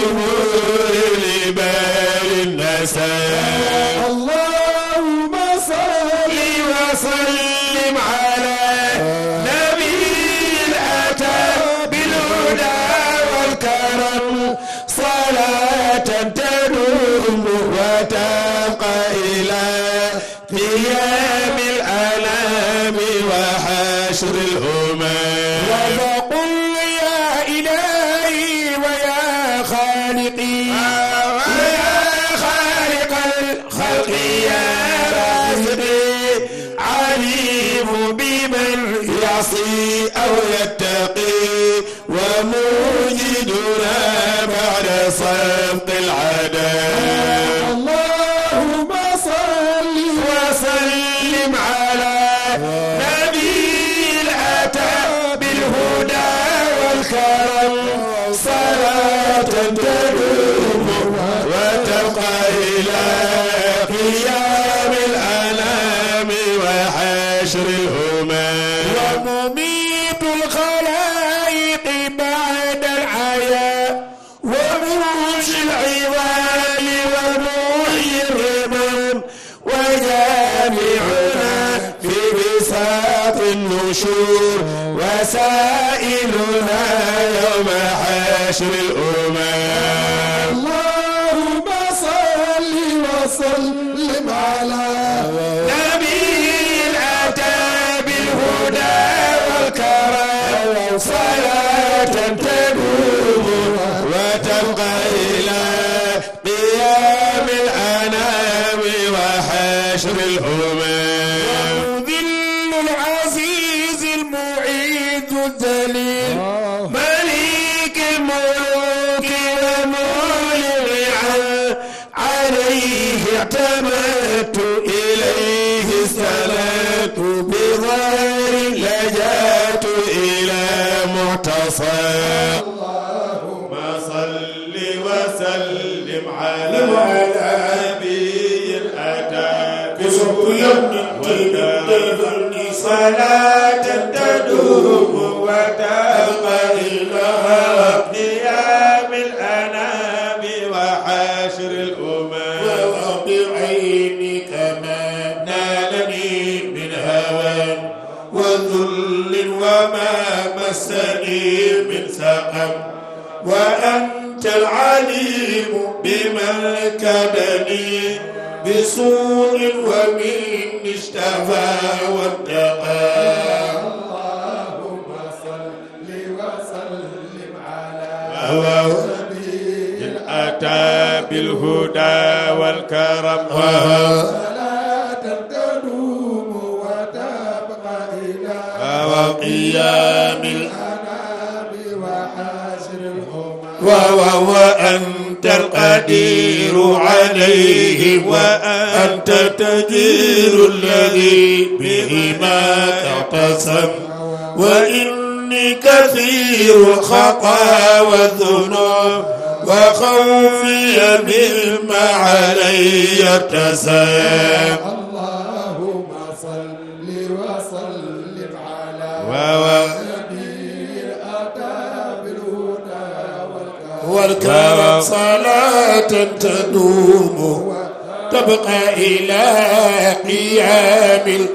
Amen. بشر الأمم اللهم صل وسلم فلا تدوم وتمئل نيام الأنام وحاشر الأمم وبعينك ما نالني من هوى وذل وما مسني من سقم وأنت العليم بمن كدني بصون ومن اشتفى واتقى اللهم صل وسلم على سبيل أتى بالهدى والكرم صلاة تدوم وتبقى إلى وقيام الأنام وحاشر الأمم وهو أن أنت القدير عليه وأنت التجير الذي بهما تعتصم وإني كثير الخطا والذنوب وخوفي بهم علي تسام اللهم صل وسلم على والكرم صلاة تدوم تبقى إلى قيام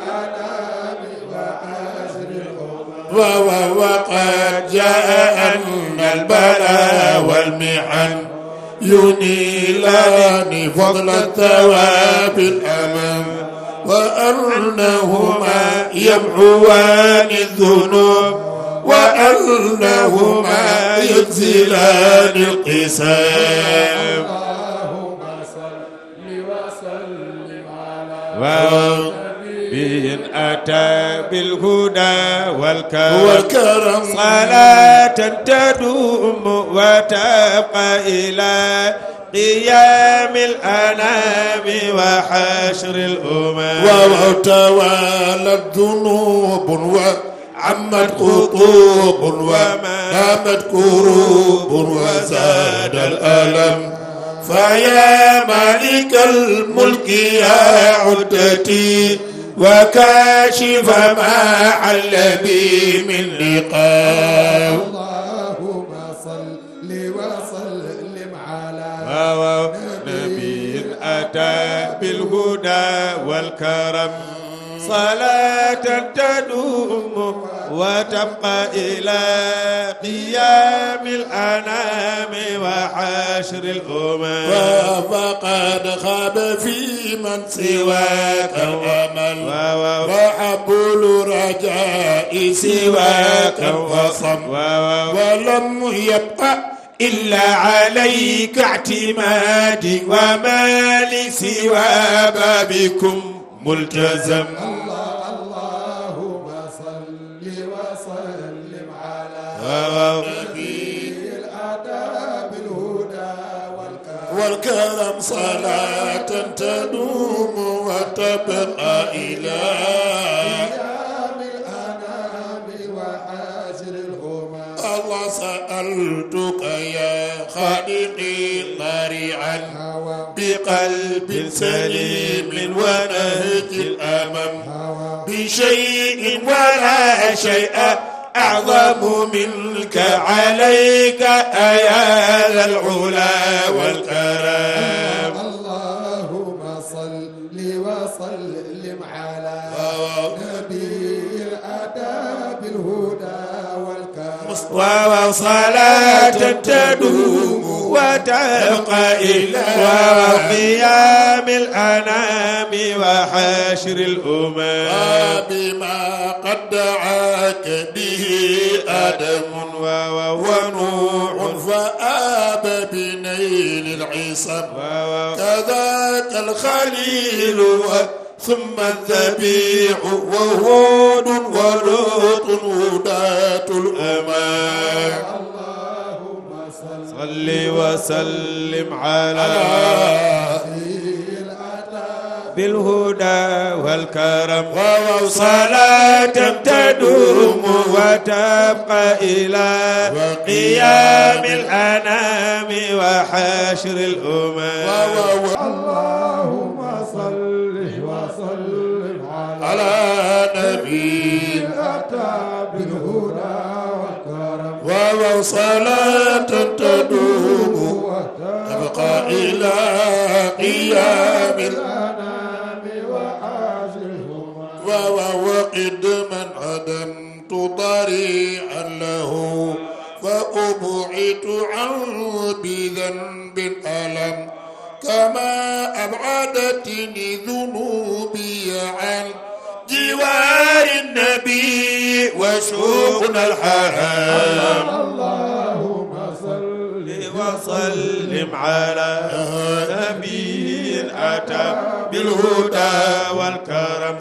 وقد جاء أن البلاء والمحن ينيلان فضل الثواب الأمام وأنهما يمحوان الذنوب وأنهما يجزلان القسام اللهم صل وسلم على به أتى بالهدى والكرم, والكرم صلاة تدوم وتبقى إلى قيام الأنام وحشر الأمم وتوالت ذنوب عمت خطوب ومامت كروب وزاد الألم فيا مالك الملك يا عدتي وكاشف ما حل بي من لقاء اللهم صل وسلم على نبي أتى بالهدى والكرم صلاة تدوم وتبقى إلى قيام الأنام وحشر الأمم وفقد خاب في من سواك الأمل وحبل رجاء سواك وصم ولم يبقى إلا عليك اعتمادي وما لي سوى بابكم ملتزم اللهم صل وسلم على نبي الآداب الهدى والكرم صلاة تنوم وتبقى إله سألتك يا خالقي طريعا بقلب سليم ونهج الأمم بشيء ولا شيء أعظم منك عليك أيا العلا والكرم waaw salaatan taduumu wa tabqa ilaa waaw qiyaamil anaami wa xaashril umam bimaa qad dacaaka bihi aadamun waaw wa nuucun fa aaba bi naylil isam kadaaka alxaliil ثم الذبيح وهود ولوط هداة الأمان اللهم صل وسلم على بالهدى والكرم وصلاة تدوم وتبقى إلى قيام الأنام وحشر الأمم نبي أتى بالهدى والكرم ومن صلاة تدوم تبقى إلى قيام الأنام وآجلهما ووقد من عدمت ضريعا له فأبعد عنه بذنب ألم كما أبعدتني ذنوبي عنه جوار النبي وسوقنا الحرام اللهم صل وسلم على نبي أتى بالهدى والكرم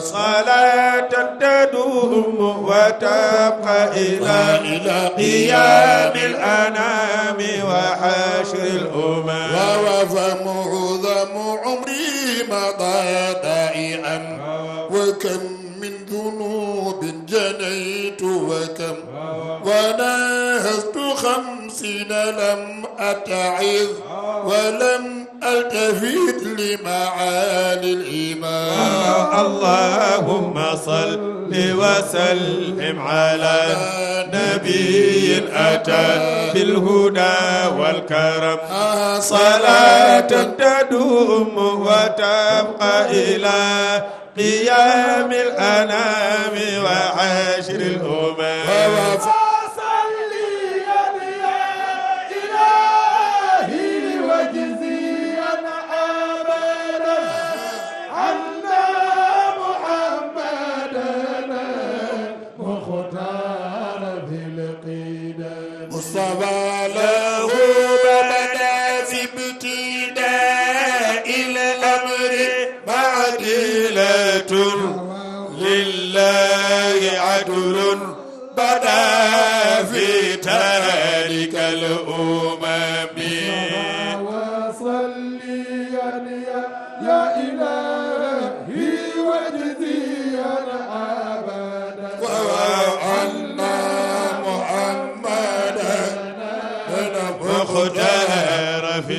صلاة تدوم وتبقى إلى قيام الأنام وحشر الأمم ووفى معظم عمري مضى دائما وكم من ذنوب جنيت وكم وناهزت خمسين لم أتعظ ولم التفت لمعالي الإمام اللهم صل وسلم على نبي أتى بالهدى والكرم صلاة تدوم وتبقى إلى قيام الأنام وعاشر الأمم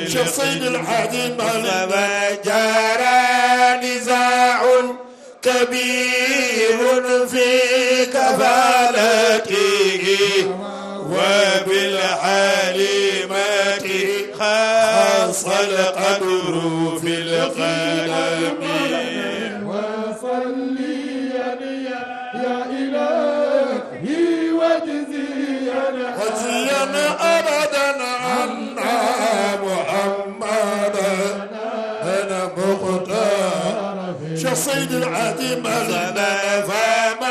Cheikh Seydi El Hadji Malick خبير في كفالته وبالعليمة خاص القدر في القلم سيد العتيم لنا فما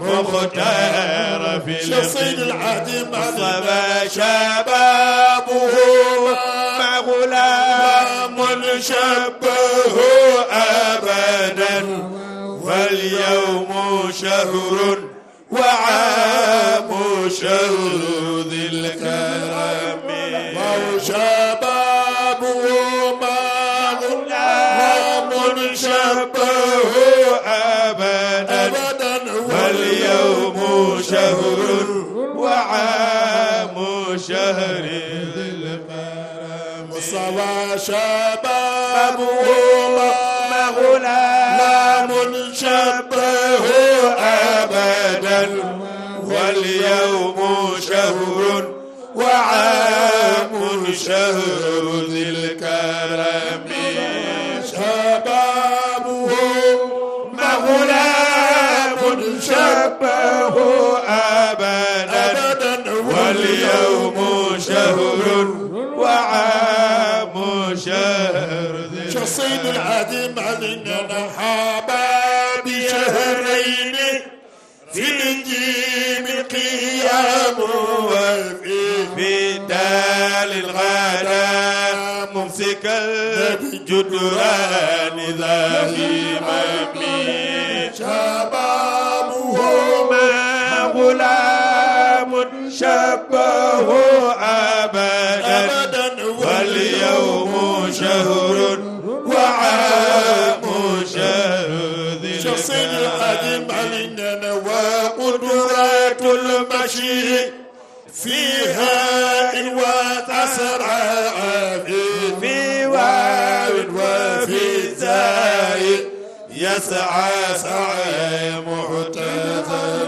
مختار في شصيد العهد مصطفى شبابه مع غلام شبه ابدا واليوم شهر وعام شهر ذي الكرم سوى شبابه غلام شبه أبدا واليوم شهر وعام شهر ذي الكرم شبابه غلام شبه أبدا واليوم حسين العديم علينا نحابا بشهرين في الانجيل قيام وفي دال الغدا ممسك الجدران ذا في مبني شبابهما غلام شبه أبا في هاء وتسرع في واو وفي زاي يسعى سعي محتفل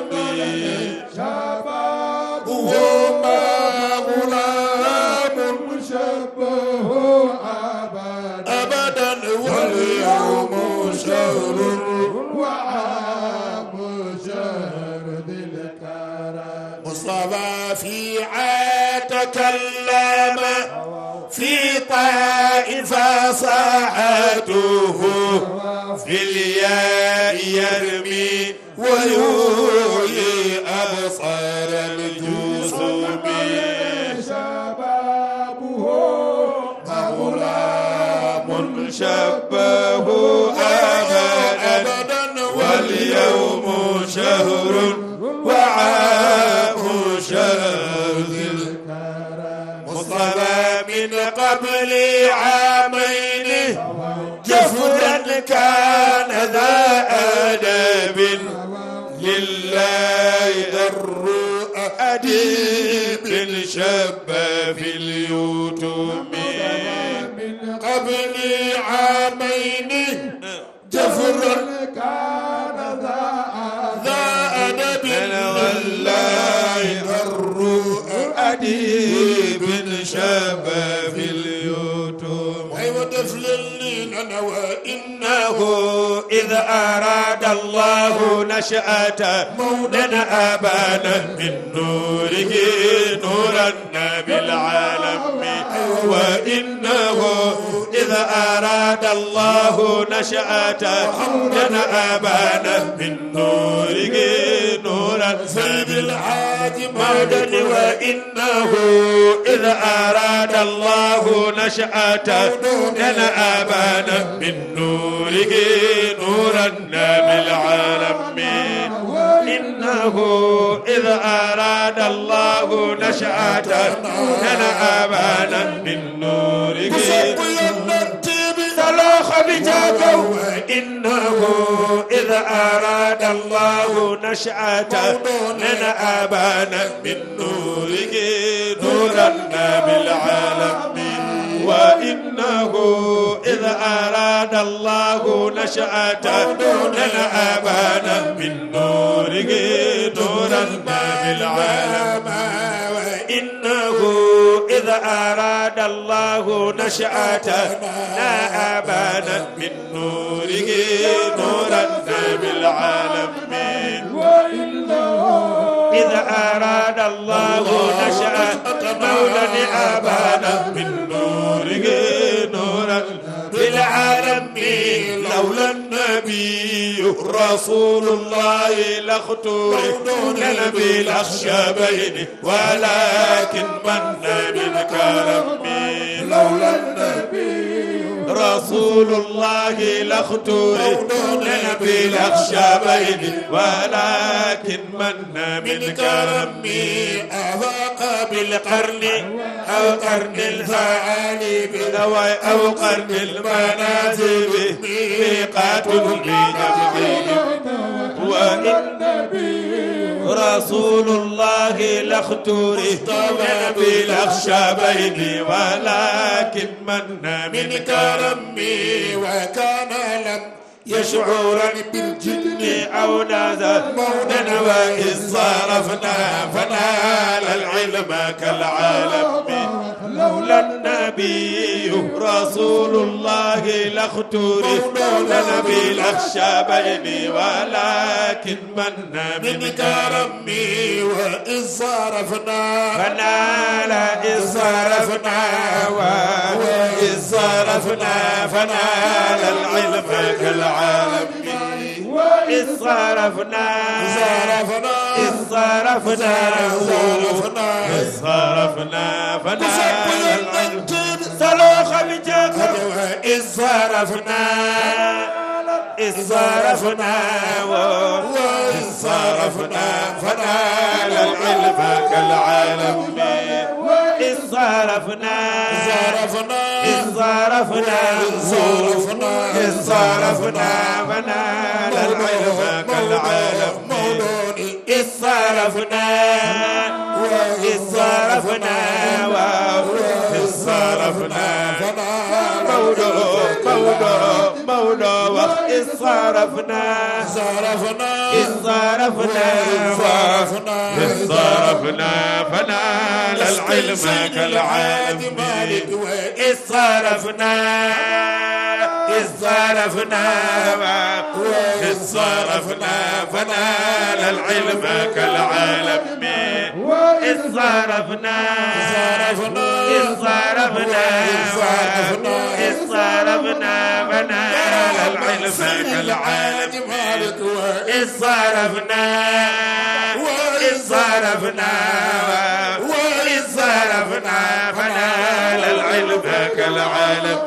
تكلم في طائفة صاحته في الياء يرمي ويولي أبصار الجسوم شبابه غلام شباب عامين جفرا كان ذا أدب لله ذر أديب شب في اليوم إنه إذا أراد الله نشأة مولنا أبانا من نوره نورا بالعالم وإنه إذا أراد الله نشأة مولنا أبانا من نوره نورا بالعالم الحاج مدد وإنه إذ أراد الله نشأة كان آبانا من نوره نورا بالعالمين إنه إذ أراد الله نشأة كان آبانا من نوره بجاكه وإنه إذا أراد الله نشأة من أبانا من نوره نورنا بالعالمين وإنه إذا أراد الله نشأة من أبانا من نوره نورنا بالعالمين إذا أراد الله نشأتنا أبانا من نوره نورا بالعالمين إذا أراد الله نشأت مولد أبانا من نوره نورا عني لولا النبي رسول الله لاخترت كوننا بالأخشبين ولكن من بالكرم لولا النبي رسول الله لاختوري نبي لخشى بيدي ولكن من من كرمي أفاق بالقرن أو قرن الفعالي بدواي أو قرن المنازل ميقات بجنبي وإن نبي رسول الله لاختوري في الأخشبين ولكن من من كرمي وكان لم يشعرا بالجن أو نادى مونا وإذ صرفنا فنال العلم كالعالم لولا النبي رسول الله لا اختري نبي الاخشى بيني ولكن من منك ربي وإن صرفنا فنال إن صرفنا وإن صرفنا فنال العلم كالعالم اصرفنا صرفنا اصرفنا صرفنا صرفنا فنال العلم إذ صرفنا إذ صرفنا وإذ صرفنا فنال العلم كالعالم إذ صرفنا صرفنا إذ صرفنا صرفنا إذ صرفنا فنال العلم كالعالم إذ صرفنا إذ صرفنا Maodo Maodo wax isarafna sarafna isarafna sarafna isarafna fana lal ilma kal aalim isarafna إذ صرفنا إذ صرفنا فنال العلم كالعالم إذ صرفنا إذ صرفنا إذ صرفنا فنال العلم كالعالم إذ صرفنا إذ صرفنا صرفنا فنال العلم كالعالم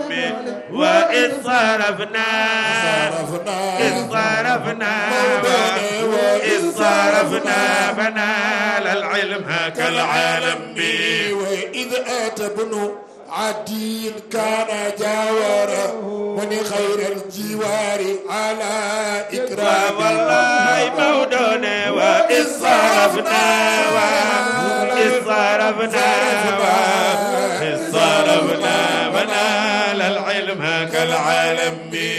وإذ صرفنا إذ صرفنا وإذ صرفنا فنال العلم كالعالم وإذ آتى ابنه عدين كان جاورا من خير الجوار على إكرام الله مودنا وإذ صرفنا وإذ صرفنا وإذ صرفنا منال العلم كالعالمين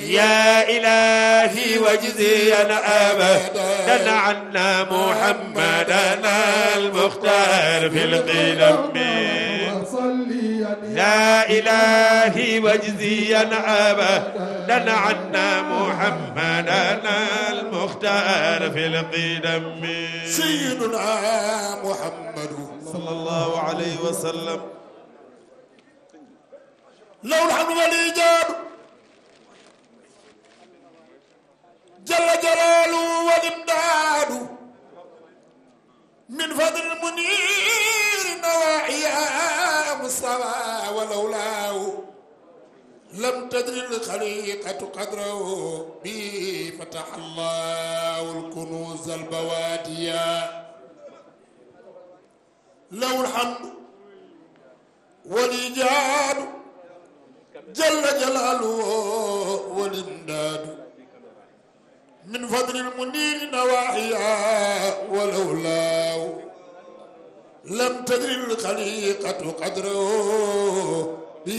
يا إلهي واجزينا أبدا عنا محمدنا المختار في القلم يا إلهي واجزينا أبدا عنا محمدنا المختار في القدم سيدنا محمد صلى الله عليه وسلم لو نحن والإيجاب قدره به فتح الله الكنوز البوادية له الحمد والإجاد جل جلاله والإمداد من فضل المنير نواحيها ولولاه لم تدري الخليقة قدره به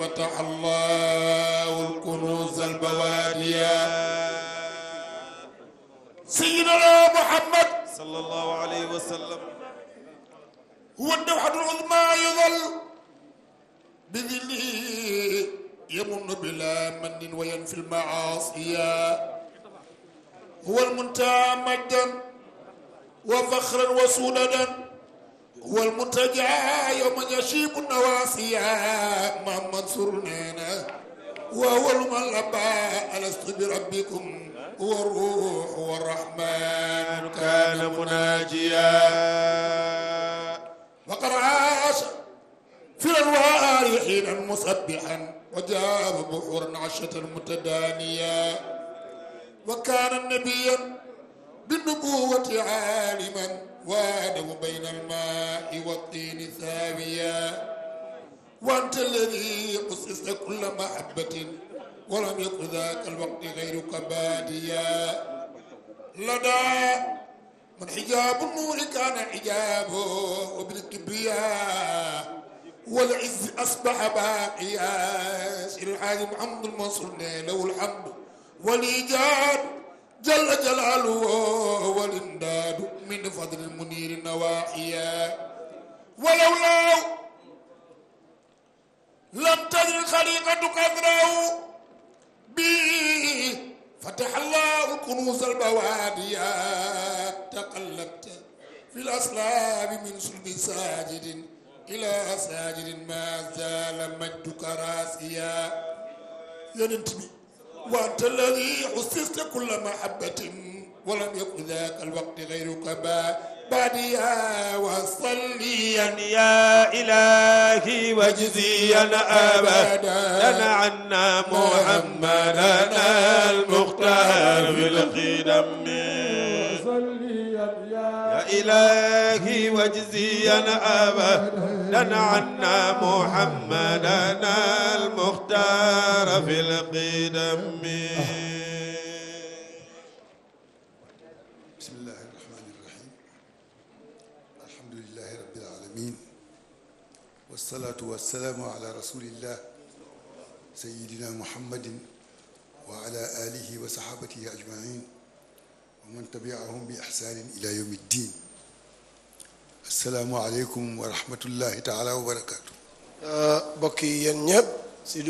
فتح الله الكنوز البوادية سيدنا محمد صلى الله عليه وسلم هو الدوحة العظمى يظل بذله يمن بلا من وينفي المعاصي هو المنتهى مجدا وفخرا وسودا wal muntajaa yawma yashibu nawaasiya maam Mansour nee na wa waluman labaa alastu bi rabbikum wa ruux wa rahmaan kaana munaajiya wa qad aasha fi alwaari xiinan musabbihan wa jaaba buxuuran ashatan mutadaaniya wa kaana nabiyan bi nubuwati aaliman وادم بين الماء والطين ساويا وأنت الذي أسس كل محبة ولم يكن ذاك الوقت غيرك باديا لدى من حجاب النور كان حجابه وبالكبرياء والعز أصبح باقيا سير الحاج محمد المنصور له الحمد والإيجاد jalla jalaaluhu wal imdaadu min fadlil muniiri nawaaxiya walaw laaw lam tajri xariqatu qadraahu bi fataha llaahu kunuuz al bawaadiya taqallat fi l aslaabi min sulbi saajidin ilaa saajidin maa zaala majduka raasiya yonent bi وأنت الذي حسست كل محبة ولم يكن ذاك الوقت غيرك باديا وصليا يا إلهي وجزيا أبدا عنا محمدنا المختار في الخدم يا إلهي واجزينا أبدا عنا محمدنا المختار في القدم بسم الله الرحمن الرحيم الحمد لله رب العالمين والصلاة والسلام على رسول الله سيدنا محمد وعلى آله وصحابته أجمعين wa man tabiahum bi ixsaanin ila yawmi ddin asalaamu aleykum wa rahmatullahi taala wa barakaatu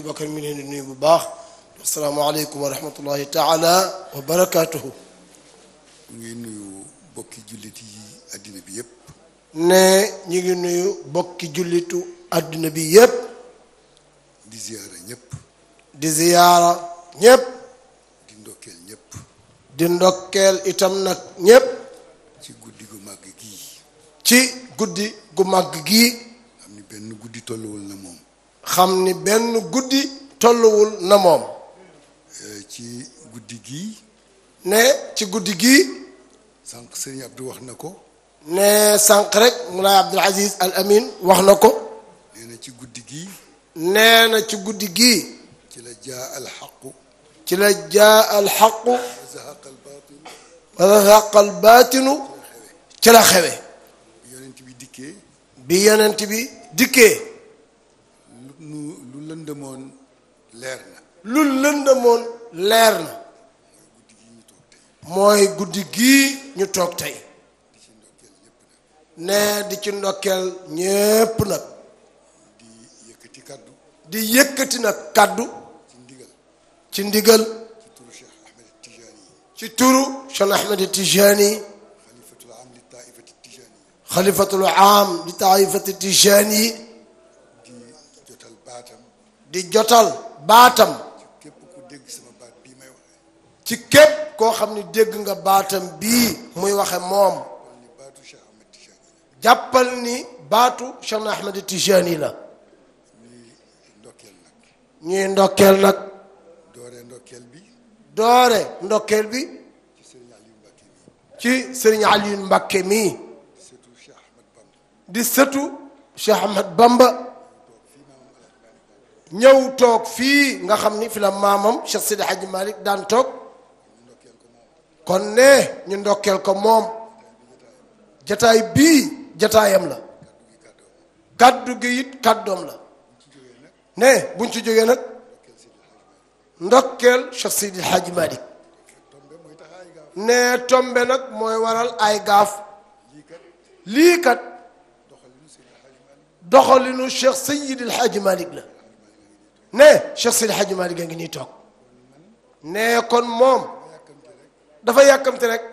Bakar mi leen di bu baax asalaamu aleykum wa rahmatullahi ngi nuyu bokki jullit yi àddina ne ñu nuyu bokki jullitu àddina bi yëpp di ziyaara ñëpp di ndokkeel itam nag ñépp ci guddi gu màgg gii ci guddi gu màgg gii xam ni benn guddi tolluwul na moom xam ni benn guddi tolluwul na moom eh, ci guddi gii ne ci guddi gii sànq sëriñ Abdou wax na ko ne sànq rek Moulay Abdoul Aziz Al Amin wax na ko nee ci guddi gii neena ci guddi gii ci la jaa alxaqu ci la jaa alxaqu wa ci la xewe bi yonent bi dikkee bi yonent bi dikkee lu lëndëmoon leer na lu lëndëmoon leer na mooy guddi gii ñu toog tey ne di ci ndokkeel ñépp nag di yëkkati nag kàddu ci ndigal ci turu Cheikh Ahmed Tijani xalifatul aam li taifati Tijani di jotal baatam di jotal baatam ci képp koo xam ne dégg nga baatam bi muy waxe moom jàppal ni baatu Cheikh Ahmed Tijani la ñuy ndokkeel nag doore ndokkeel bi ci sëriñ Aliou Mbakke mii di sëtu Cheikh Ahmad Bamba ñëw toog fii nga xam ni fi la maamam Cheikh Sidi Hadji Malick daan toog kon ne ñu ndokkeel ko moom jataay bii jataayam la kaddu gi it kaddoom la ne buñ ci jógee nag ndokkeel Cheikh Seydi El Hadji Malick ne tombe nag mooy waral ay gaaf lii kat doxalinu Cheikh Seydi El la ne Cheikh Seydi El a ngi nii toog ne kon moom dafa yàkkamte rek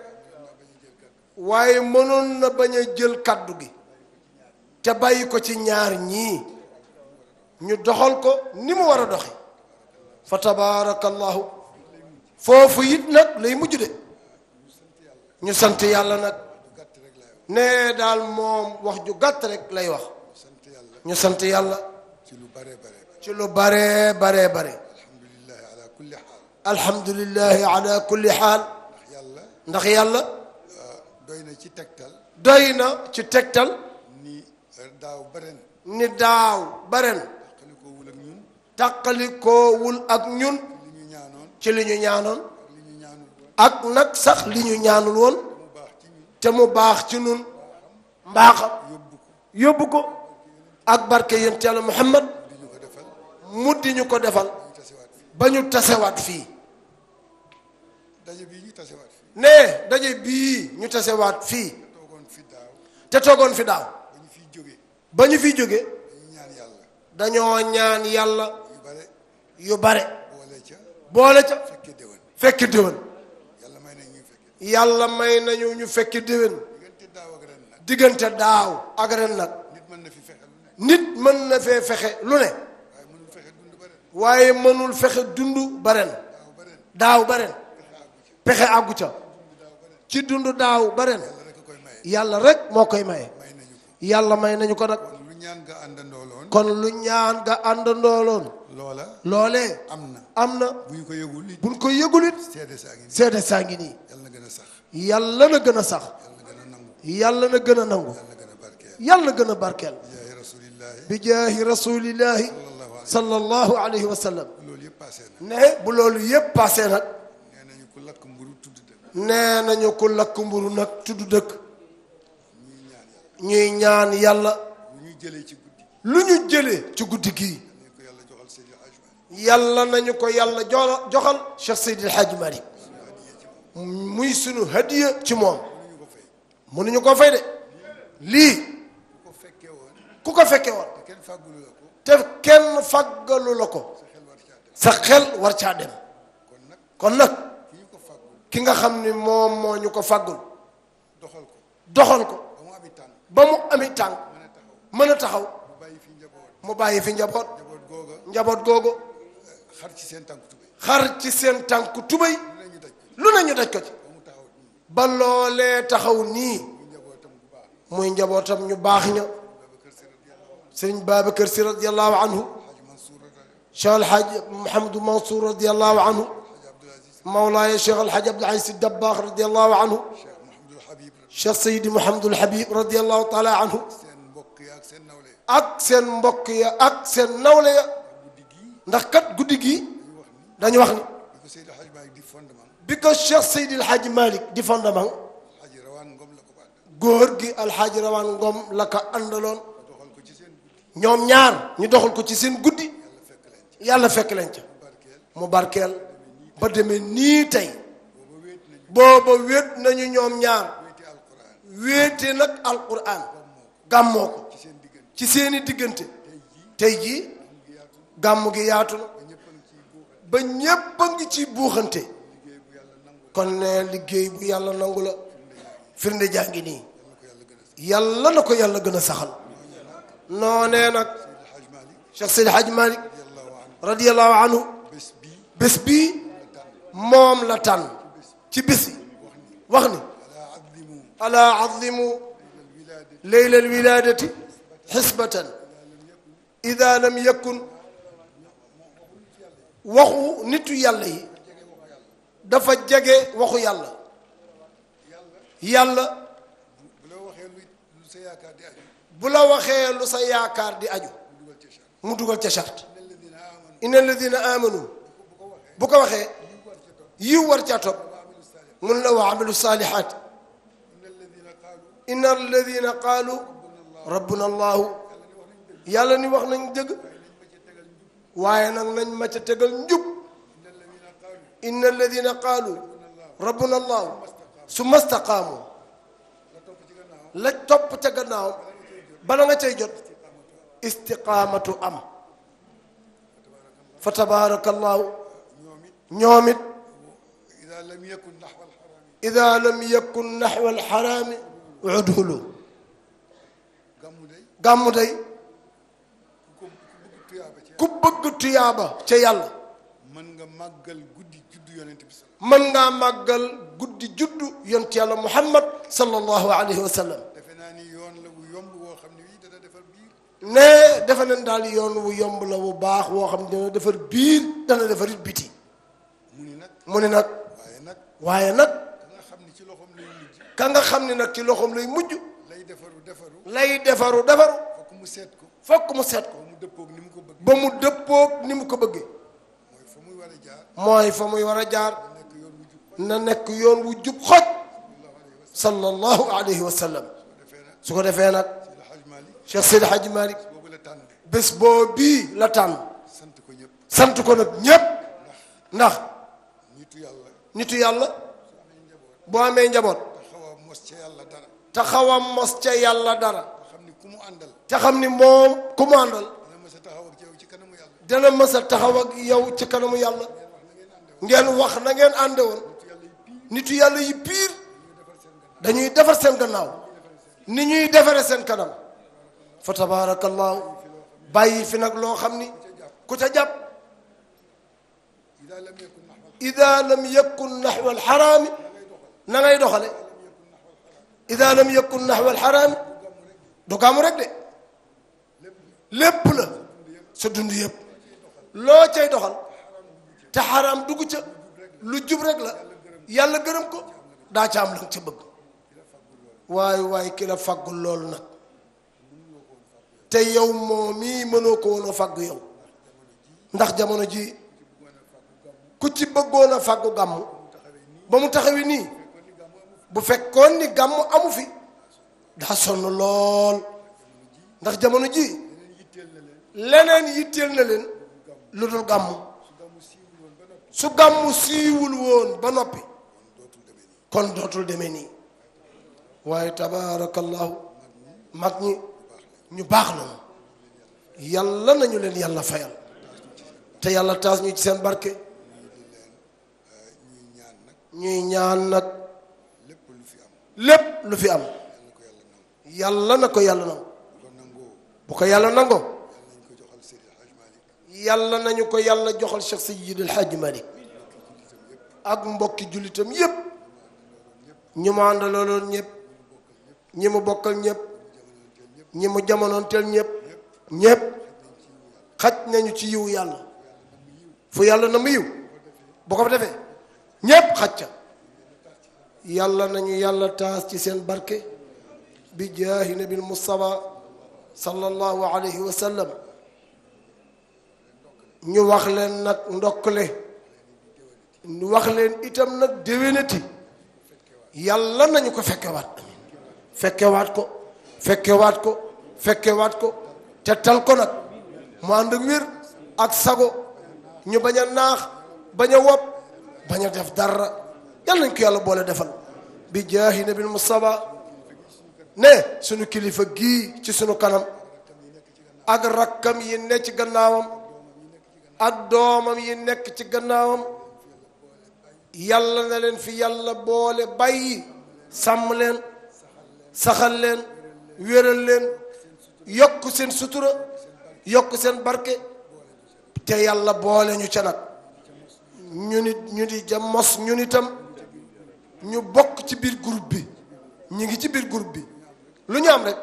waaye mënoon na bañ a jël kàddu gi te bàyyi ko ci ñaar ñii ñu doxal ko ni mu war a doxi fa tabaarakallahu foofu it nag lay mujj de ñu sant yàlla nag nee daal moom wax ju gàtt rek lay wax ñu sant yàlla ci lu bare bare ci lu bare bare bare alhamdulillahi ala kulli xaal ndax yàlla ah, doy na ci tegtal doy na ci tegtal ni eh, daaw baren ni daaw baren tàqalikoowul ak ñun ci li ñu ñaanoon ak nag sax li ñu ñaanul woon te mu baax ci ñun mbaaxam yóbbu ko ak barke yéen ci Yàlla Muhammad mu di ñu ko defal ba ñu tasewaat fii ne daje bii ñu tasewaat fii te toogoon fi daal ba ñu fiy jóge dañoo ñaan yàlla yu bare boole ca fekk déwén yàlla may nañu ñu fekk déwén diggante daaw ak ren nag nit mën na fee fexe lu ne waaye mënul fexe dund ba ren daaw ba pexe àggu ca ci dund daaw ba yàlla rek moo koy maye yàlla may nañu ko nag kon lu ñaan nga àndandooloon loola loolee am na am na buñ ko yëgul it buñ ko yëgul it seede saa ngi nii seede saa ngi na gën a sax yàlla na gën a sax yàlla na gën a nangu yàlla na gën a barkeel bi jaahi rasulillahi sallallahu alayhi wa sallam ne bu loolu yëpp passé nag nee nañu ku lakk mburu tudd dëkk nee nañu ku lakk mburu nag tudd dëkk ñuy ñaan yàlla lu ñu jëlee ci guddi ci guddi gii yàlla nañu ko yàlla jo joxal Cheikh Seydil Hadji Malick muy sunu hadiya ci moom mënuñu ko fay de lii ku ko fekkee woon te kenn fàggalu la ko sa xel war caa dem kon nag ki nga xam ni moom moo ñu ko fàggul doxal ko ba mu ami tànk mën a taxaw mu bàyyi fi njaboot njaboot googu xar ci seen tànk tubéy xar ci seen tànk tubéy lu nañu daj ko ci ba loolee taxaw nii muy njabootam ñu baax ña sëriñ Babacar Si radiallahu anhu cheikh alhaj Mouhamadou Mansour radiallahu anhu mawlaaya cheikh alhaj Abdoul Aziz Si Dabbaax radiallahu anhu cheikh Seydi Mouhamadul Habib radiallahu taala anhu ak seen mbokk ya ak seen nawle ya ndax kat guddi gi dañu wax ni bi ko Cheikh Seydil Hadji Malick di fondement góor gi alxaaji rawaan Ngom la ko àndaloon ñoom ñaar ñu doxal ko ci seen guddi yàlla fekk leen ca mu barkeel ba demee nii tey booba wéet nañu ñoom ñaar wéete nag alquran gàmmoo ko ci seeni diggante tey jii gàmm gi yaatu na ba ñépp ngi ci buuxante kon liggéey bu yàlla nangu la firnde jaa ngi nii yàlla ko yàlla gën a saxal noonee nag Cheikh Seydi Hadj Malick radiyallahu anhu bés bii moom la tànn ci bés yi wax ni leyla alwilaadati xisbatan ida lam yakun waxu nitu yàlla yi dafa jege waxu yàlla yàlla bu la waxee lu sa yaakaar di aju mu dugal ca charte inna alladina amanu bu ko waxee yiw war ca topp mun la wa amilu saalihaat inna alladina qaalu rabbuna allahu yàlla ni wax nañ dëgg waaye nag nañ ma ca tegal njub inna alladina qaalu rabbuna allahu su mastaqaamu la topp ca gannaaw bala nga cay jot istiqaamatu am fa tabaraka allahu ñoom it ida lam yakun naxwa alxaraami udhulu gàmmu day ku bëgg tuyaaba ca yàlla mën nga màggal guddi judd yonent bi ngaa màggal guddi juddu yonent yàlla muhammad sallallahu alayhi wa sallam defe naa ni yoon la wu yomb woo xam ne dana defar biir ne defe nañ daal yoon wu yomb la wu baax woo xam ne dana defar biir dana defar biti mu ni nag mu ni nag waaye nag waaye nag ka nga xam ni ci loxoom lay mujj ka nga nag ci loxoom lay mujj lay defaru defaru lay defaru defaru seet ko fokk mu seet ko ba mu dëppoog ni mu ko bëggee mooy fa muy war a jaar na nekk yoon wu jub xoj sallallahu alayhi wa su ko defee nag Cheikh Seydi Hadji Malick bés boo bii la tànn sant ko nag ñépp ndax nitu yàlla boo amee njaboot te xaw a mos ca yàlla dara te xam ni moom ku mu àndal dana mës a taxaw ak yow ci kanamu yàlla ngeen wax na ngeen ànde woon nitu yàlla yi dañuy defar seen gannaaw ni ñuy defare seen kanam fa tabaarakallaahu bàyyi fi nag loo xam ni ku ca jàpp ida lam yakun naxwa alxaraami na ngay doxale ida lam yakun naxwa alxaraami du rek de lépp la sa dund yëpp loo cay doxal te xaraam dugg ca lu jub rek la yàlla gërëm ko daa ca am la ca bëgg waaye waaye ki la fàggul loolu nag te yow moo mii mënoo ko woon a yow ndax jamono ji ku ci bëggoon a fàggu gàmm ba mu taxawi nii bu fekkoon ni gàmm amu fi daa sonn lool ndax jamono ji leneen yitteel na leen lu dul gàmmu su gàmmu siiwul woon ba noppi kon dootul deme nii waaye tabaarakallahu mag ñi ñu baax lañu yàlla nañu leen yàlla fayal te yàlla taas ñu ci seen barke ñuy ñaan nag lépp lu fi am yàlla na ko yàlla nangu bu ko yàlla nangoo yàlla nañu ko yàlla joxal Cheikh Seydi El Hadji Malick ak mbokki jullitam yépp ñi mu àndaloon ñëpp ñi mu bokkal ñëpp ñi mu jamonoonteel ñëpp ñëpp xaj nañu ci yiw yàlla fu yàlla na mu yiw bu ko fa defee ñëpp xaj ca yàlla nañu yàlla taas ci seen barke bi jaahi nabil Mustafa sallallahu alayhi wa sallam ñu wax leen nag ndokkle ñu wax leen itam nag déwénati yàlla nañu ko fekkewaat fekkewaat ko fekkewaat ko fekkewaat ko te tal ko nag mu ànd ak ak sago ñu bañ a naax bañ a wopp bañ a def dara yàlla nañ ko yàlla boole defal bi jaahi mu mustaba ne sunu kilifa gii ci sunu kanam ak rakkam yi ne ci gannaawam ak doomam yi nekk ci gannaawam yàlla na leen fi yàlla boole bàyyi sàmm leen saxal leen wéral leen yokk seen sutura yokk seen barke te yàlla boole ñu ca nag ñu nit ñu di ja mos ñu nitam ñu bokk ci biir groupe bi ñu ngi ci biir groupe bi lu ñu am rek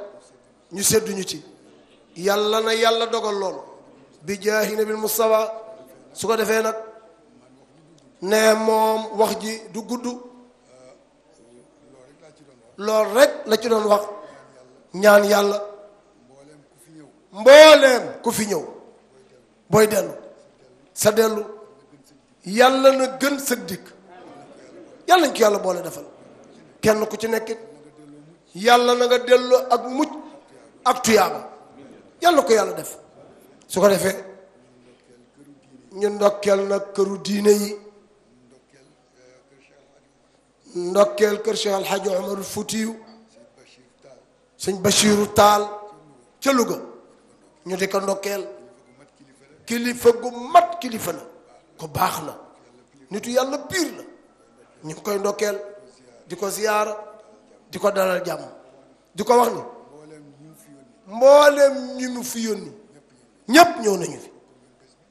ñu sedduñu ci yàlla na yàlla dogal lool bi jaahi nabil Mustafa su ko defee nag ne moom wax ji du gudd lool rek la ci doon wax ñaan yàlla mbooleem ku fi ñëw booy dellu sa dellu yàlla na gën sëg dikk yàlla ñu ko yàlla boole defal kenn ku ci nekkit yàlla na nga dellu ak mucc ak tuyaaba yàlla ko yàlla def su ko defee ñu ndokkeel nag këru diine yi ndokkeel kër Cheikh El Hadj Omarul Foutiyu sëñ Bachiru Taal ca Louga ñu di ko ndokkeel kilifa gu mat kilifa la ku baax la nitu yàlla biir la ñu koy ndokkeel di ko ziyaara di ko dalal jàmm di ko wax ni mboolem ñi mu fi yónni ñépp ñëw nañu fi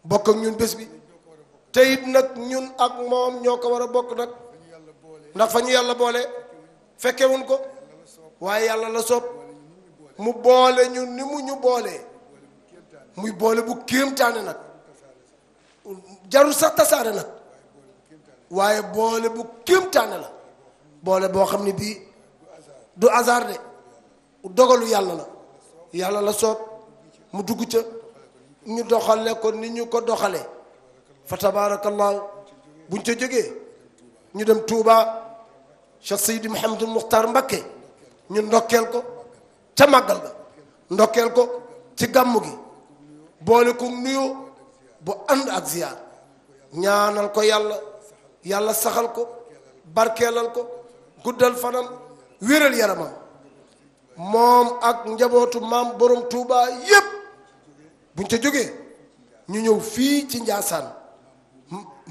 bokk ak ñun bés bi te nag ñun ak moom ñoo ko war a bokk nag ndax fa ñu yàlla boole fekkewuñ ko waaye yàlla la soob mu boole ñu ni mu ñu boolee muy boole bu kéemtaane nag jarul sax tasaare nag waaye boole bu kéemtaane la boole boo xam ne bii du hasard de dogalu yàlla la yàlla la soob mu dugg ca ñu doxale ko ni ñu ko doxale fa tabaarakallaahu buñ ca jógee ñu dem Touba Cheikh Seydi Mouhamadul Muxtaar Mbakke ñu ndokkeel ko ca màggal ga ndokkeel ko ci gàmmu gi boole ko nuyoo bu ànd ak ziyaar ñaanal ko yàlla yàlla saxal ko barkeelal ko guddal fanam wéral yaramam moom ak njabootu maam borom Touba yépp buñ ca jóge ñu ñëw fii ci Njaasaan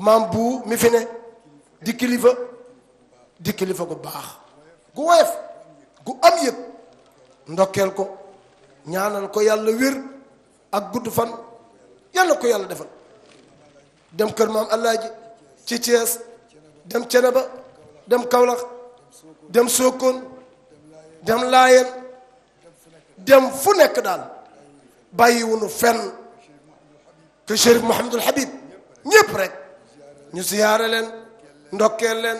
maam bu mi fi ne di kilifa di kilifa gu baax gu woyof gu am yëg ndokkeel ko ñaanal ko yàlla wér ak gudd fan yàlla ko yàlla defal dem kër maam Alaaji ci Thiès dem Ceneba dem Kaolack dem Sokone dem Laayeen dem fu nekk daal bàyyiwunu fenn que Chérif Mouhamadul Habib ñépp rek ñu siyaare leen ndokkeel leen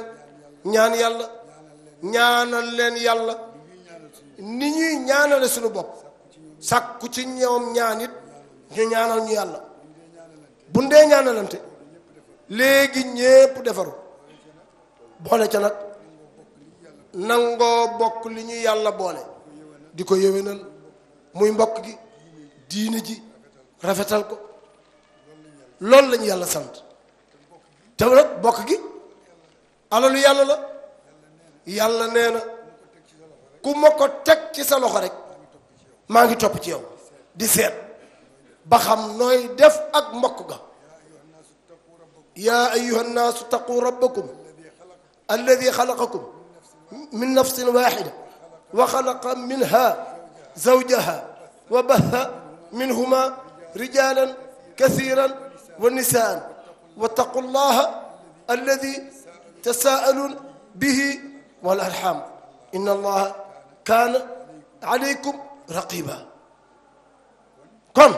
ñaan yàlla ñaanal leen yàlla ni ñuy ñaanale suñu bopp sàkku ci ñoom ñaan it ñu ñaanal ñu yàlla bu ndee ñaanalante léegi ñépp defaru boole ca nag nangoo bokk li ñu yàlla boole di ko yéwénal muy mbokk gi diine ji rafetal ko loolu lañu yàlla sant te nag bokk gi alalu yàlla la yàlla nee na ku ma ko teg ci sa loxo rek maa ngi topp ci yow di seet ba xam nooy def ak mbokk ga yaa ayuha nnaasu taqu rabbakum alladi xalaqakum min nafsin waxida wa xalaqa minha zawjaha wa baha منهما رجالا كثيرا ونساء واتقوا الله الذي تساءلون به والأرحام إن الله كان عليكم رقيبا kon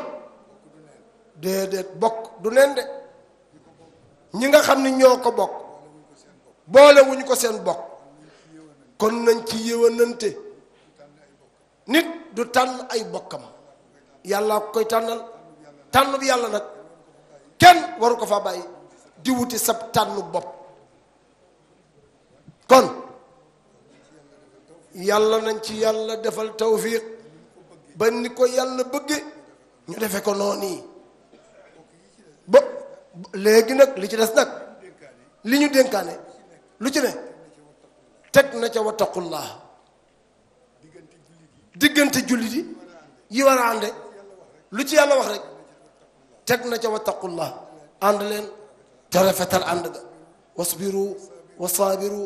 déedéet bokk du neen ñi nga xam ni ñoo ko bokk boole wuñu ko seen bokk kon nañ ci yéwénante nit du tànn ay bokkam yàlla ko koy tànnal tànn yàlla nag kenn waru ko fa bàyyi di wuti sab tànnu bopp kon yàlla nañ ci yàlla defal tawfiq ba ni ko yàlla bëgge ñu defe ko noonu yi ba léegi nag li ci des nag li ñu dénkaane lu ci ne teg na ca wattaqullah diggante jullit yi yi war a ànde lu ci yàlla wax rek teg na ca wattaqullah ànd leen te rafetal ànd ga wasbiru wa saabiru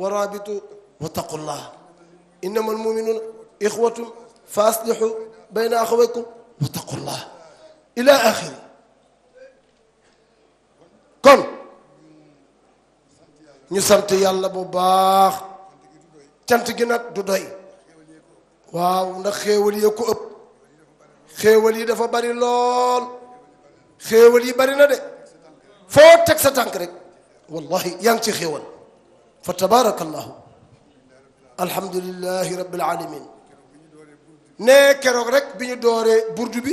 wa raabitu wattaqullah innama almuminuuna ixwatum fa aslihu bayna axawaykum wattaqullah ila axiri kon ñu sant yàlla bu baax cant gi du doy waaw ndax xéewal yee xéewal yi dafa bari lool xéewal yi bari na de foo teg sa tànk rek wallahi yaa ngi ci xéewal fa tabaraka allahu alhamdulilahi rabbil alamin nee keroog rek bi ñu dooree burdu bi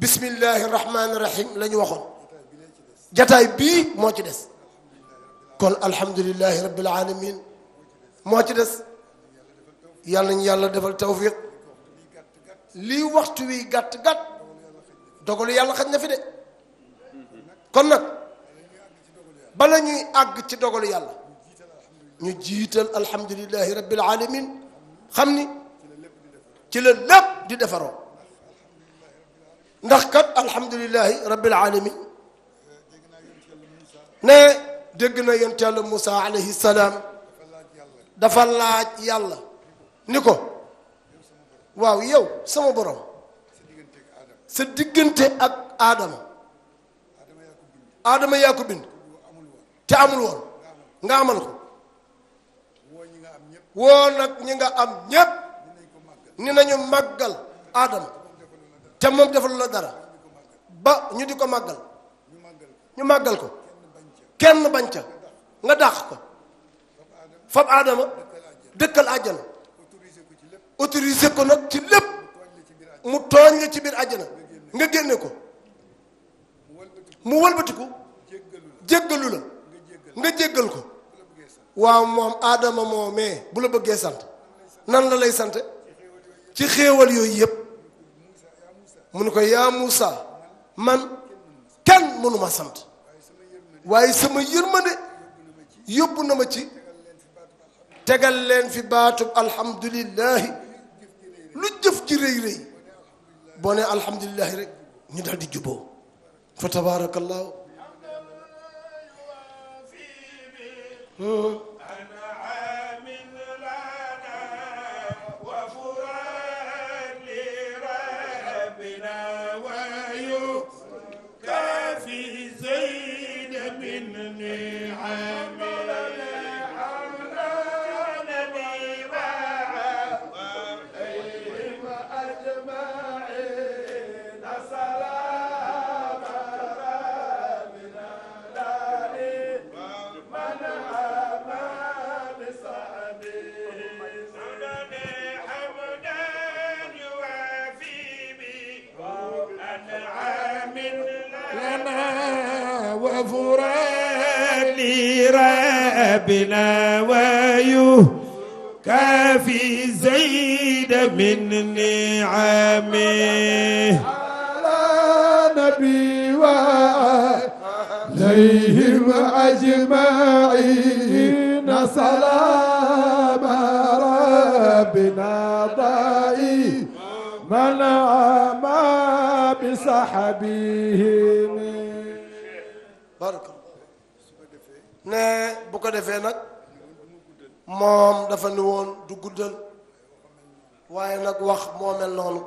bismillahi rahmani rahim la ñu waxoon jataay bii moo ci des kon alhamdulilahi rabbil alamin moo ci des yàlla ñu yàlla defal tawfiq lii waxtu wi gàtt gàtt dogalu yàlla xaj na fi de kon nag bala ñuy àgg ci dogalu yàlla ñu jiital alhamdulillahi rabbil alamin xam ni ci la lépp di defaroo ndax kat alhamdulillahi rabbil alamin ne dégg na yonent yàlla Moussa alayhi salaam dafa laaj yàlla ni ko waaw yow sama boroom sa diggante ak aadama aadama yaa ko bind te amul woon nga amal ko woo nag ñi nga am ñépp ni nañu màggal aadama te moom defalu la dara ba ñu di ko màggal ñu màggal ko kenn bañ ca nga dàq ko fab aadama dëkkal àjjana autorisé ko nag ci lépp mu tooñ nga ci biir àjjana nga génne ko mu wëlbatiku jéggalu la nga jéggal ko waaw moom aadama moomee bu la bëggee sant nan la lay sant ci xéewal yooyu yëpp mu ko yaa Moussa man kenn mënuma sant waaye sama yërmande yóbbu na ma ci tegal leen fi baatub alhamdulillahi lu jëf ji rëy rëy boo nee alhamdulilahi rek ñu daal di juboo fa tabarakallahu بنا ويكافي زيد من نعمه على نبي وعليهم أجمعين سلام ربنا ضائي من عما بصحبهم ne bu ko defee nag moom dafa ni woon du guddal waaye nag wax moo mel noonu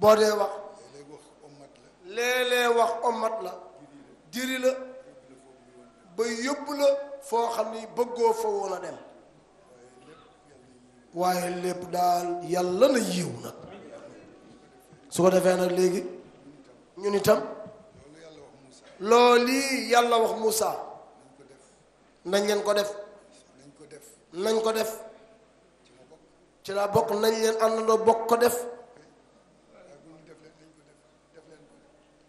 boo dee wax léeg wax omat la diri la ba yóbbu la foo xam ni bëggoo fa woon a dem waaye lépp daal yàlla na yiw nag su ko defee nag léegi ñun itam loolii yàlla wax Moussa nañ leen ko def nañ ko def ci laa bokk nañ leen àndandoo bokk ko def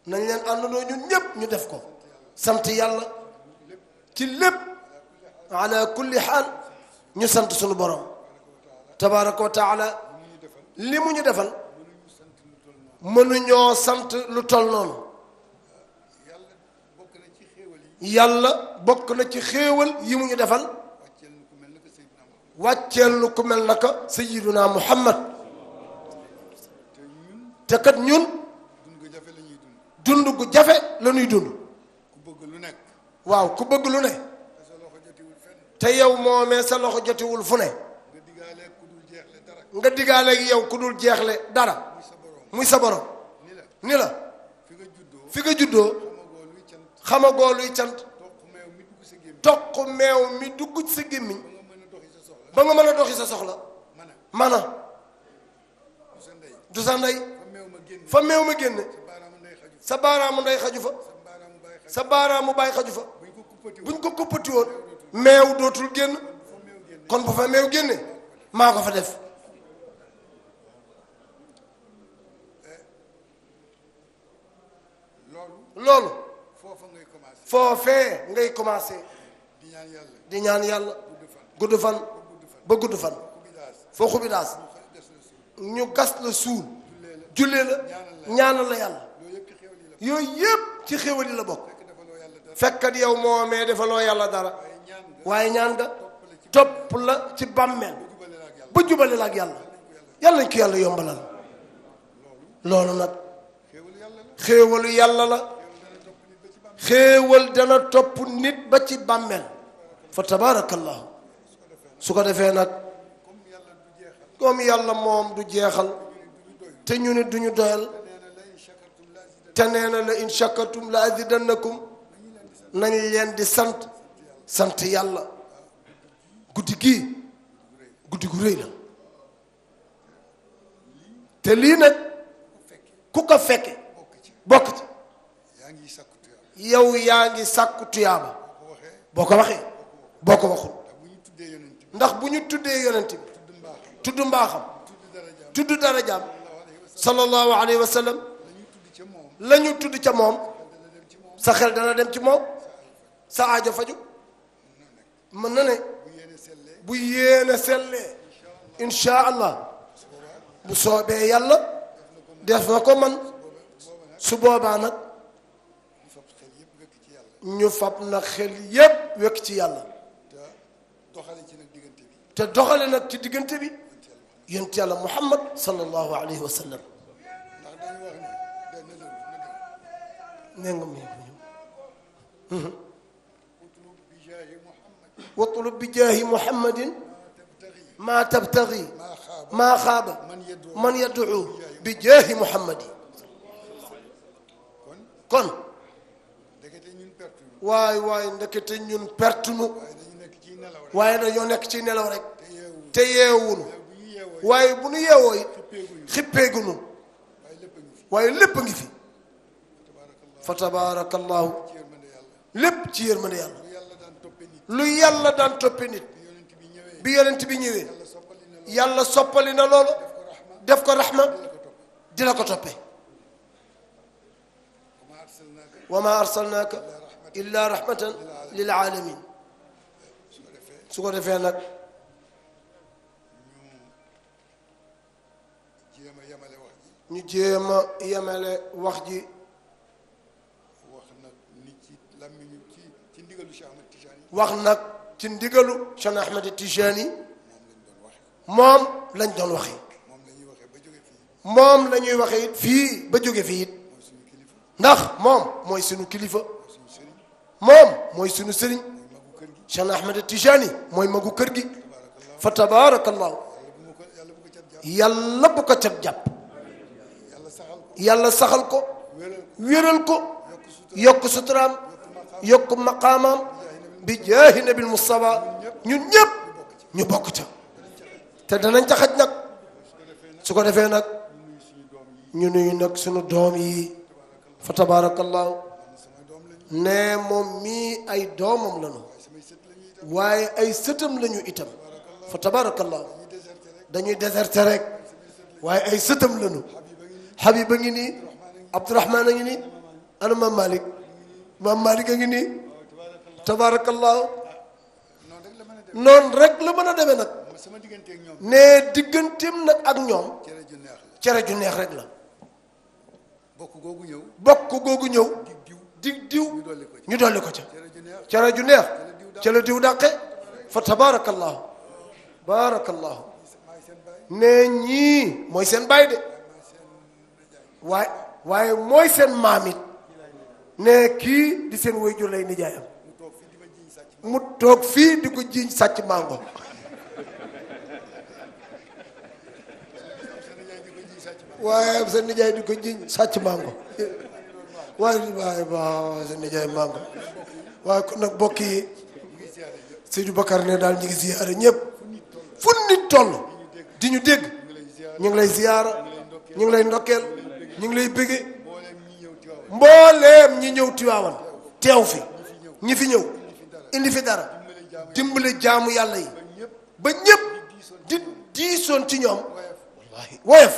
nañ leen àndandoo ñun ñépp ñu def ko sant yàlla ci lépp ala kulli xaal ñu sant sunu borom tabaraka wa taala li mu ñu defal mënuñoo sant lu tol noonu yàlla bokk na ci xéewal yi mu ñu defal wàcceel lu ku mel naka sayyiduna muhammad te kat ñun dund gu jafe la ñuy dund ku bëgg lu nekk waaw ku bëgg lu ne te yow moomee sa loxo jotiwul fu ne nga diggaaleeg yow ku dul jeexle dara muy sa borom ni la fi nga juddoo xamagoo luy cant toq meew mi dugg ci sa gémmiñ ba nga mën a doxi sa soxla mana du sa ndey fa meew ma génne sa baaraamu ndey xaju fa sa baaraamu bàyyi xaju fa buñ ko kuppati woon meew dootul génn kon bu fa meew génne maa ko fa def eh, loolu foofee ngay commencé di ñaan yàlla gudd fan ba gudd fan foo xubidaas ñu gas la suul jullee la ñaanal la yàlla yooyu yépp ci xéwal yi la bokk fekkat yow moomee defaloo yàlla dara waaye ñaan nga topp la ci bàmmeel ba jubale la ak yàlla yàlla ñu ko yàlla yombalal loolu nag xéewalu yàlla la xéewal dana topp nit ba ci bàmmeel fa tabaarakallahu su ko defee nag comme yàlla moom du jeexal te ñu ne duñu doyal te nee na la in shakartum la azidannakum nañ leen di sant sant yàlla guddi gii guddi gu rëy la te lii nag ku ko fekke bokk yow yaa ngi sàkku tuyaaba boo ko waxee boo ko waxul ndax bu ñu tuddee yonent bi tudd mbaaxam tudd darajaam sallallahu alayhi wa sallam tudd ca moom sa xel dana dem ci moom sa aajo faju mën na ne bu yéene sellee insha allah bu soobee yàlla def na ko man su boobaa ñu fab na xel yépp wekk ci yàlla te doxale ci nag diggante bi te doxale nag ci diggante bi yent yàlla muhammad sallallahu alayhi wa sallam ndax dañu wax ni ne nga may bu ñëw mhm. watlub bi jaahi muhammadin maa tabtaxi maa xaaba man yad'u bi jaahi muhammadin kon waaye waay waay ndekete ñun perte nu waaye dañoo nekk ci nelaw rek te yeewunu waaye bu nu yeewoo it xippeegunu waaye lépp a ngi fi fa tabaarakallahu lépp ci yërmande yàlla lu yàlla daan toppe nit bi yonent bi ñëwee yàlla soppali na loolu def ko raxma di la ko toppe wa ma arsalnaaka illaa rahmatan lil alamin su ko defee nag ñu jéem yemale wax ji wax nag ni ci làmmiñu ci ci ndigalu Cheikh Ahmed Tijani wax nag ci ndigalu Cheikh Ahmed Tijani moom lañ doon waxe moom lañuy ñuy waxe it fii ba jóge fii it ndax moom mooy suñu kilifa moom mooy sunu sëriñ Cheikh Ahmed Tijani mooy magu kër gi fa tabaarakallahu yàlla bu ko cat jàpp yàlla saxal ko wéral ko yokk suturaam yokk bi jaahi nabil mustafa ñun ñëpp ñu bokk ca te danañ ca xaj nag su ko defee nag ñu nuyu nag sunu doom yi fa tabaarakallahu ne moom mii ay doomam lañu waaye ay sëtam lañu itam fa tabarakallah dañuy déserté rek waaye ay sëtam lañu Habib a ngi nii Abdourahman a ngi nii ana maam Malick maam Malick a ngi nii tabarakallah noonu rek la mën a demee nag ne digganteem nag ak ñoom cere ju neex rek la bokk googu ñëw bokk googu ñëw dig ñu dolli ko ca cere ju neex cere diw dàqe fa tabarakallahu barakallahu ñii mooy seen baay de waaye mooy seen maamit ne kii di seen wayjur lay nijaayam mu toog fii di ko jiiñ sàcc mango waaye waaye waaye waaw seen waaye kon nag mbokk yi Seydou Bakar ne daal ñu ngi ziyaare ñëpp fu nit toll di ñu dégg ñu ngi lay ziyaara ñu ngi la ndokkeel ñu ngi lay bëgge mbooleem ñi ñëw Tiwaawan teew fi ñi fi ñëw indi fi dara dimbale jaamu yàlla yi ba ñëpp di diisoon ci ñoom wallaahi woyof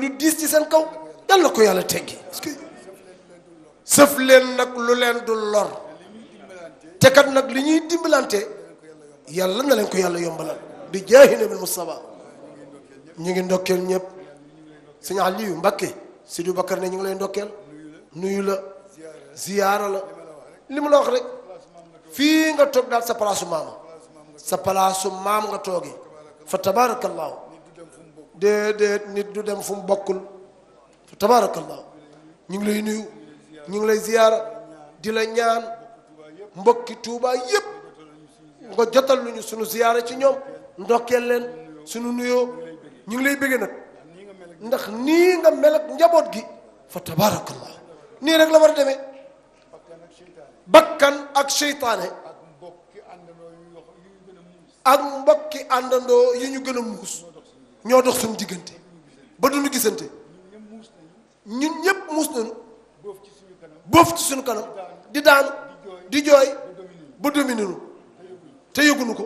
lu diis ci seen kaw yal ko yàlla teggi parce que sëf leen nag lu leen du lor te kat nag li ñuy dimbalante yàlla na leen ko yàlla yombalal di jaahi mu Mustafa ñu ngi ndokkeel ñëpp sëñ Aliou Mbakke Sidou Bakar ne ñu ngi lay ndokkeel nuyu la ziyaara la li mu la wax rek fii nga toog daal sa palaasu maam sa palaasu maam nga toogee fa tabaarakallaahu déedéet nit du dem fu mu bokkul fa tabaarakallah ñu ngi lay nuyu ñu ngi lay ziyaara di la ñaan mbokki Tuuba yépp nga jotal lu ñu sunu ziyaara ci ñoom ndokkeel leen sunu nuyoo ñu ngi lay bëgg nag ndax nii nga mel njaboot gi fa tabaarakallah nii rek la war a demee bakkan ak seytaane ak mbokki àndandoo yi ñu gën a muus ñoo dox suñu diggante ba duñu gisante ñun ñëpp muus nañu boof ci suñu kanam di daanu di jooy ba domine nu te yëgunu ko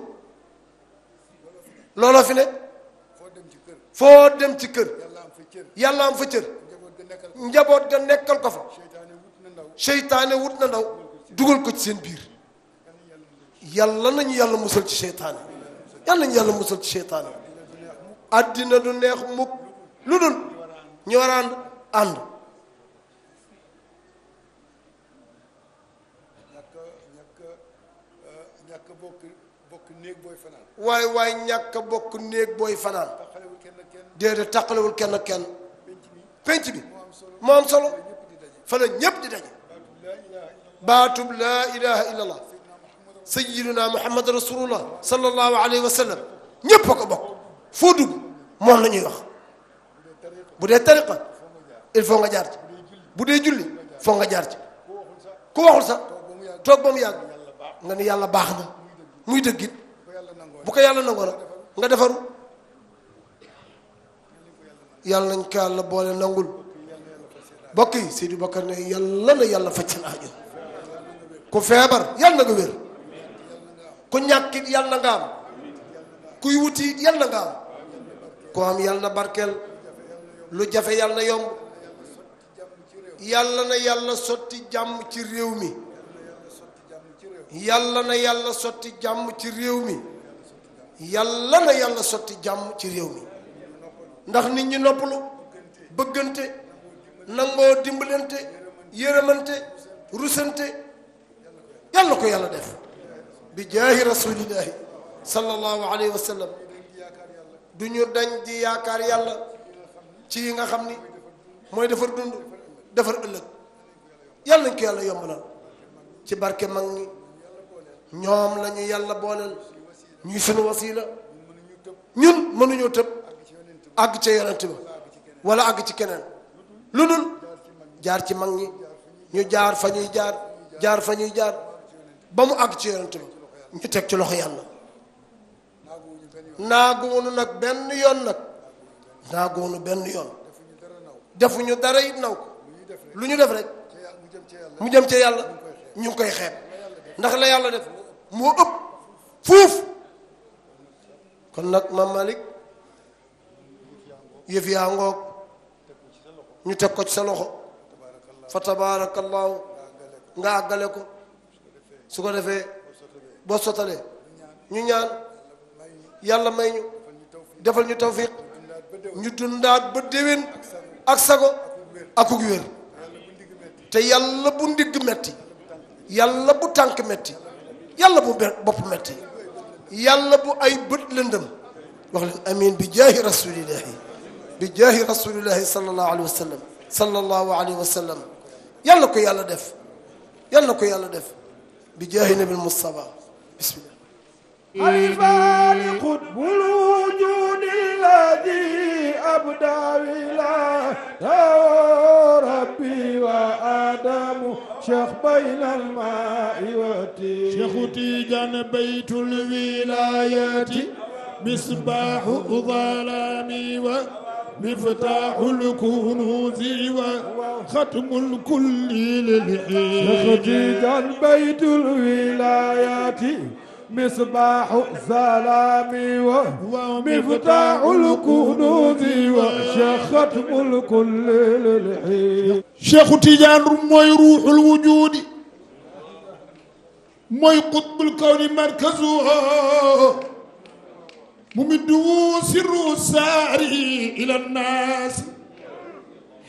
looloo fi ne foo dem ci kër yàlla am fa cër njaboot ga nekkal ko fa seytaane wut na ndaw dugal ko ci seen biir yàlla nañu yàlla musal ci seytaane yàlla nañu yàlla musal ci seytaane àddina du neex mukk lu dul ñu war ànd waaye waaye ñàkk bokk néeg booy fanaan déedéet tàqalewul kenn kenn pénc bi moo am solo fa la ñépp di daje baatub laa ilaha illa allah sayiduna muhammad rasulullah sallallahu alayhi wa sallam ñépp a foo dugg moom la ñuy bu dee tariqa il faut nga jaar bu dee julli foog nga jaar ci ku waxul sax toog ba yàgg nga ni yàlla baax na muy dëggit bu ko yàlla nangoo nag nga defaru yàlla nañ ko yàlla na yàlla faj seen aajo ku feebar yàlla na nga wér ku ñàkkit yàlla nga am kuy wuti yàlla na nga am ku am yàlla barkeel lu jafe yàlla na yomb yàlla na yàlla sotti jàmm ci réew mi yàlla na yàlla sotti jàmm ci réew mi yàlla na yàlla sotti jàmm ci réew ndax nit ñi noppalu bëggante nangoo dimbalante yërëmante rusante yàlla ko yàlla def bi jaahi rasulillahi sallallahu alayhi wa du ñu dañ di yaakaar yàlla ci yi nga xam ni mooy defar dund defar ëllëg yàlla nañ ko yàlla yombalal ci barke mag ñi ñoom la ñu yàlla booleel ñuy sunu wasiila ñun mënuñoo tëb àgg ca yonent ba wala àgg ci keneen lu dul jaar ci mag ñi ñu jaar fa ñuy jaar jaar fa ñuy jaar ba mu àgg ci yonent ba ñu teg ci loxo yàlla naaguwunu nag benn yoon nag naaguwunu benn yoon defuñu dara it naw lu ñu def rek mu jëm ci yàlla ñu ngi koy xeeb ndax la yàlla def mu ëpp fuuf kon nag maam Malick yëf yaa ngoog ñu teg ko ci sa loxo fa tabaarakallaahu nga àggale ko su ko defee boo sotalee ñu ñaan yàlla may ñu defal ñu tawfiq ñu dundaat ba déwén ak sago akuk wér te yàlla bu ndigg metti yàlla bu tànk metti yàlla bu bopp metti yàlla bu ay bët lëndëm wax leen amin bi jaahi rasulillahi bi jaahi rasulillahi sallallahu alayhi wa sallam sallallahu alayhi wa sallam ko yàlla def yàlla ko yàlla def bi jaahi nabil mustafa bismillah الفالق بالوجود الذي ربي وآدم شيخ بين الماء والتين شيخ تيجان بيت الولاية مصباح ظلامي ومفتاح الكنوز وختم الكل للعين شيخ تيجان بيت الولاية مصباح السلام ومفتاح الكنوز وختم الكل للحين cheikhu Tidiane mooy ruuxul wujuud mooy qutbul kawni markazuhu ممده سر الساري إلى الناس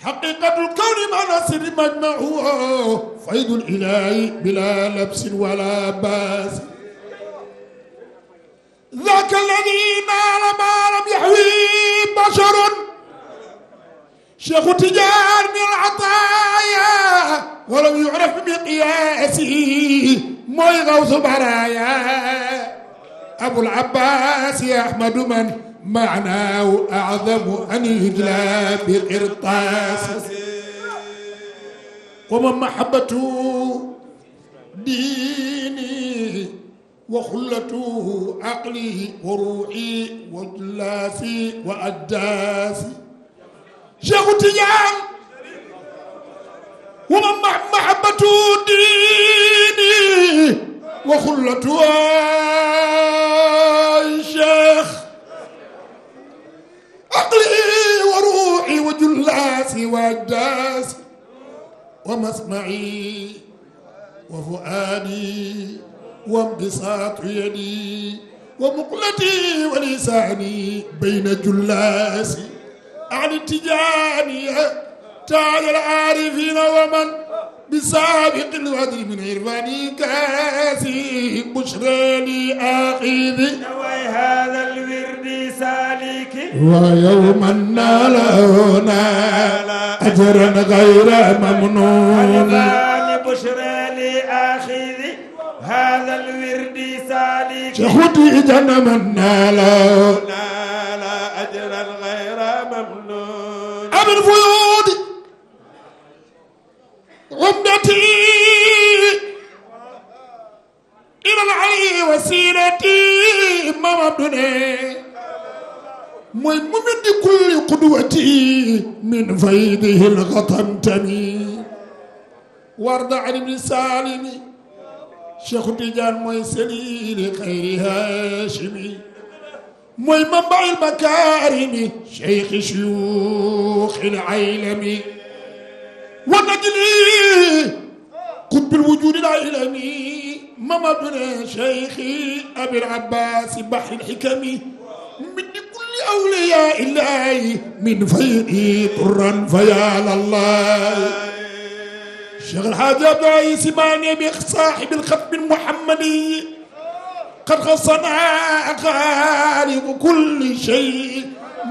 حقيقة الكون معنى سر مجمعه فيض الإله بلا لبس ولا باس ذاك الذي نال ما لم يحوي بشر شيخ تجار بالعطايا ولم يعرف بقياسه موي غوث برايا أبو العباس يا أحمد من معناه أعظم أن يجلى بالإرطاس ومن محبته ديني وخلته عقله وروحي وجلافي وأدافي شيخ تيجان ومن محبة ديني وخلته شيخ عقلي وروحي وجلاسي وأداسي ومسمعي وفؤادي وانبساط يدي ومقلتي ولساني بين جلاسي عن التجانية تاج العارفين ومن بسابق الوادر من عرفاني كاسي بشرى لي آخذي هذا الورد سالك ويوما نالونا أجرا غير ممنون بشرى هذا الورد سالك شخوتي جنم نالا نالا أجرا غير ممنون أمن فيودي عمدتي إلى العلي وسيلتي إمام عبدني mooy mu mel ni kulli qudwati min faydihi lxatamtami warda an ibni salimi Cheikhu Tidiane mooy selili xayri hashimi mooy mambail makarimi cheikhi shuyukhil aylami wa najli qutbil wujudil aylami mamaduna cheikhi abil abbas bahril hikami min kulli awliya illahi min faydi turan fayal allah شيخ الحاج عبد العزيز ماني بصاحب الختم المحمدي قد خصنا خالق كل شيء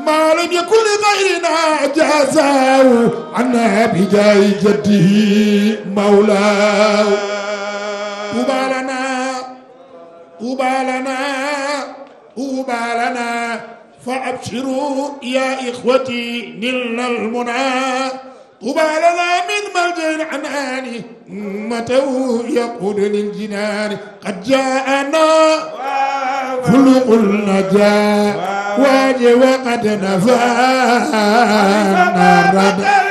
ما لم يكن غيرنا جازاه عنا بجاه جده مولاه طوبى لنا طوبى لنا طوبى لنا فابشروا يا اخوتي نلنا المنى طوبى لنا من ملجأ عنان أمته يقود للجنان قد جاءنا خلق النجاة واجب قد نفانا رد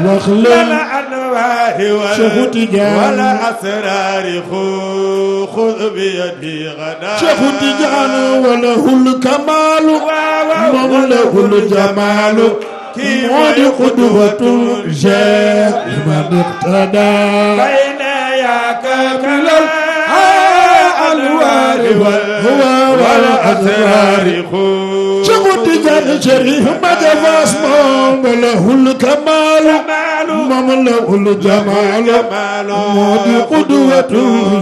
ولا أنواع ولا, ولا أسرار خذ بيدي غدا شيخ تجان وله الكمال ومن له الجمال كيف قدوة جاء من اقتدى بين يا كامل الأنوار والأسرار خذ كان شريف مدى فاسمهم له الكمال مم له الجمال مودي قدوة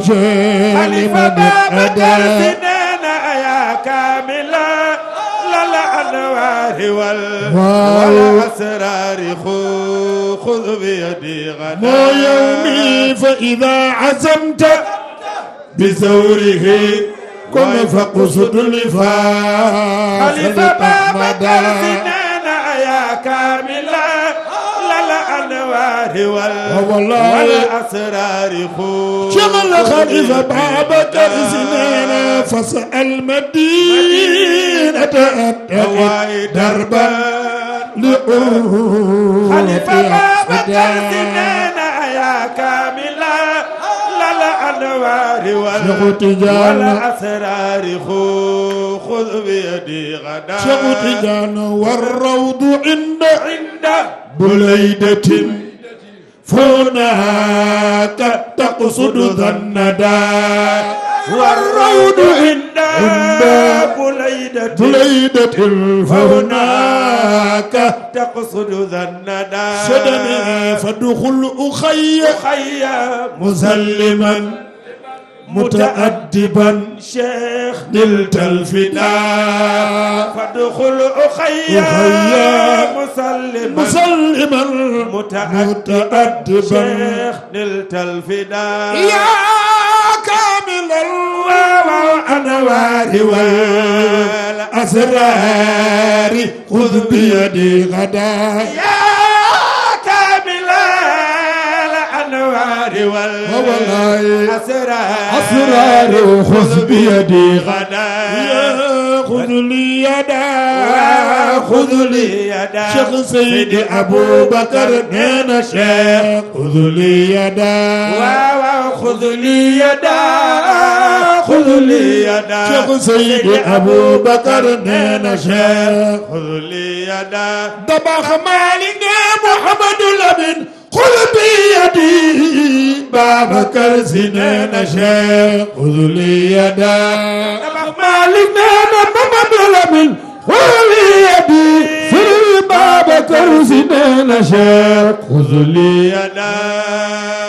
جالي من أداء يا كاملا للأنوار والأسرار خذ بيدي غدا يومي فإذا عزمت بزوره كن فقصد لفاء خليفة بابا درسنا يا كاملا الأنوار والأسرار خو شمل خليفة بابا درسنا فاسأل مدينة أدعي دربا لأوه خليفة بابا درسنا يا كاملا الأنوار ولا أسرار خذ بيدي غدا شيخ تجان والروض عند عند بليدة فونها تقصد ذا الندى والروض عند بليدة بليدة فهناك تقصد ذندا سدنا فادخل أخي أخي مسلما متأدبا شيخ نلت الفداء فادخل أخي مسلما مسلما متأدبا شيخ نلت الفداء الأنوار والأسرار خذ بيدي غدا يا كامل الأنوار والأسرار خذ بيدي غدا خذ لي يدا خذ لي يدا شيخ سيدي أبو بكر نينا شيخ خذ لي يدا خذ لي يدا خذ لي يدا شيخ سيدي أبو بكر نينا شيخ خذ لي يدا دباخ مالك محمد الأمين خذ بيدي باب كرزنا نشاء خذ لي يدا مالكنا محمد الأمين خذ لي يدي سر باب كرزنا نشاء خذ لي يدا